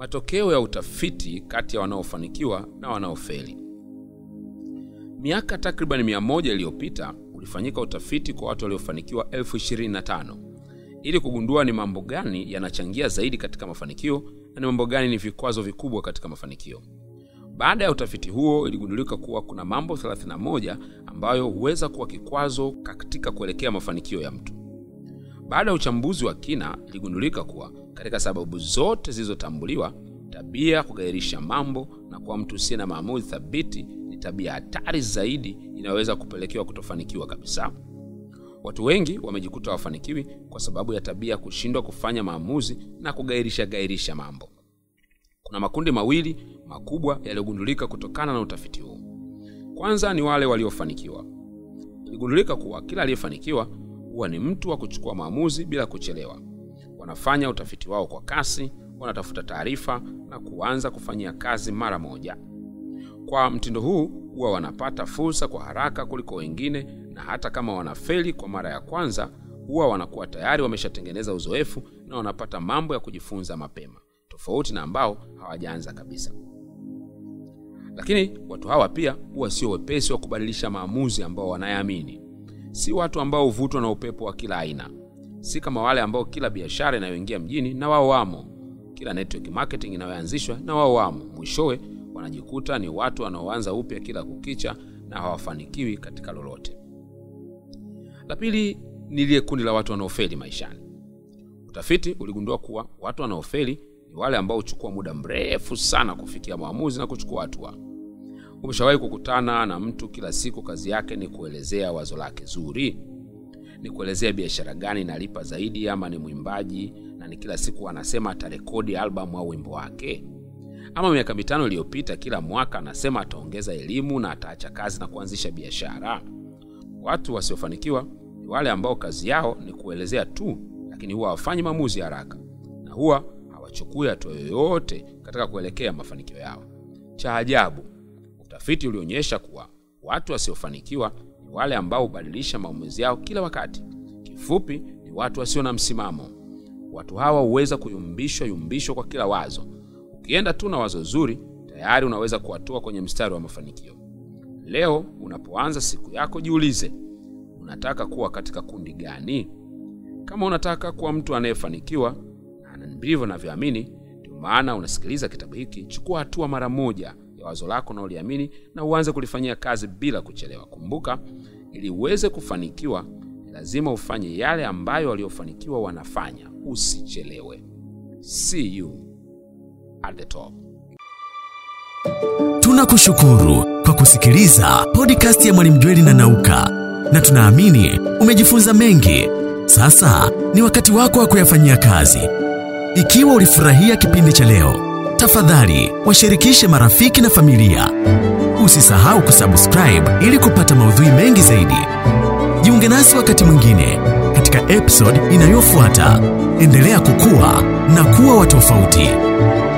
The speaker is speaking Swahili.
matokeo ya utafiti kati ya wanaofanikiwa na wanaofeli. Miaka takribani mia moja iliyopita ulifanyika utafiti kwa watu waliofanikiwa elfu ishirini na tano ili kugundua ni mambo gani yanachangia zaidi katika mafanikio na ni mambo gani ni vikwazo vikubwa katika mafanikio. Baada ya utafiti huo, iligundulika kuwa kuna mambo 31 ambayo huweza kuwa kikwazo katika kuelekea mafanikio ya mtu. Baada ya uchambuzi wa kina, iligundulika kuwa katika sababu zote zilizotambuliwa, tabia kugairisha mambo na kuwa mtu usiye na maamuzi thabiti ni tabia hatari zaidi inayoweza kupelekewa kutofanikiwa kabisa. Watu wengi wamejikuta wafanikiwi kwa sababu ya tabia kushindwa kufanya maamuzi na kugairisha gairisha mambo. Kuna makundi mawili makubwa yaliyogundulika kutokana na utafiti huu. Kwanza ni wale waliofanikiwa. Iligundulika kuwa kila aliyefanikiwa huwa ni mtu wa kuchukua maamuzi bila kuchelewa. Wanafanya utafiti wao kwa kasi, wanatafuta taarifa na kuanza kufanyia kazi mara moja. Kwa mtindo huu huwa wanapata fursa kwa haraka kuliko wengine, na hata kama wanafeli kwa mara ya kwanza, huwa wanakuwa tayari wameshatengeneza uzoefu na wanapata mambo ya kujifunza mapema, tofauti na ambao hawajaanza kabisa. Lakini watu hawa pia huwa sio wepesi wa kubadilisha maamuzi ambao wanayaamini. Si watu ambao huvutwa na upepo wa kila aina si kama wale ambao kila biashara inayoingia mjini na wao wamo, kila network marketing inayoanzishwa na wao wamo. Mwishowe wanajikuta ni watu wanaoanza upya kila kukicha na hawafanikiwi katika lolote. La pili ni lile kundi la watu wanaofeli maishani. Utafiti uligundua kuwa watu wanaofeli ni wale ambao huchukua muda mrefu sana kufikia maamuzi na kuchukua hatua. Umeshawahi kukutana na mtu kila siku kazi yake ni kuelezea wazo lake zuri ni kuelezea biashara gani inalipa zaidi, ama ni mwimbaji na ni kila siku anasema atarekodi albamu au wimbo wake, ama miaka mitano iliyopita kila mwaka anasema ataongeza elimu na ataacha kazi na kuanzisha biashara. Watu wasiofanikiwa ni wale ambao kazi yao ni kuelezea tu, lakini huwa hawafanyi maamuzi haraka na huwa hawachukui hatua yoyote katika kuelekea mafanikio yao. Cha ajabu, utafiti ulionyesha kuwa watu wasiofanikiwa ni wale ambao hubadilisha maamuzi yao kila wakati. Kifupi ni watu wasio na msimamo. Watu hawa huweza kuyumbishwa yumbishwa kwa kila wazo. Ukienda tu na wazo zuri, tayari unaweza kuwatoa kwenye mstari wa mafanikio. Leo unapoanza siku yako, jiulize unataka kuwa katika kundi gani? Kama unataka kuwa mtu anayefanikiwa na ndivyo navyoamini, ndio maana unasikiliza kitabu hiki, chukua hatua mara moja wazo lako unaoliamini na uanze kulifanyia kazi bila kuchelewa. Kumbuka, ili uweze kufanikiwa lazima ufanye yale ambayo waliofanikiwa wanafanya. Usichelewe. See you at the top. Tunakushukuru kwa kusikiliza podcast ya Mwalimu Jweli na Nauka, na tunaamini umejifunza mengi. Sasa ni wakati wako wa kuyafanyia kazi. Ikiwa ulifurahia kipindi cha leo Tafadhali washirikishe marafiki na familia. Usisahau kusubscribe ili kupata maudhui mengi zaidi. Jiunge nasi wakati mwingine katika episode inayofuata. Endelea kukua na kuwa watofauti tofauti.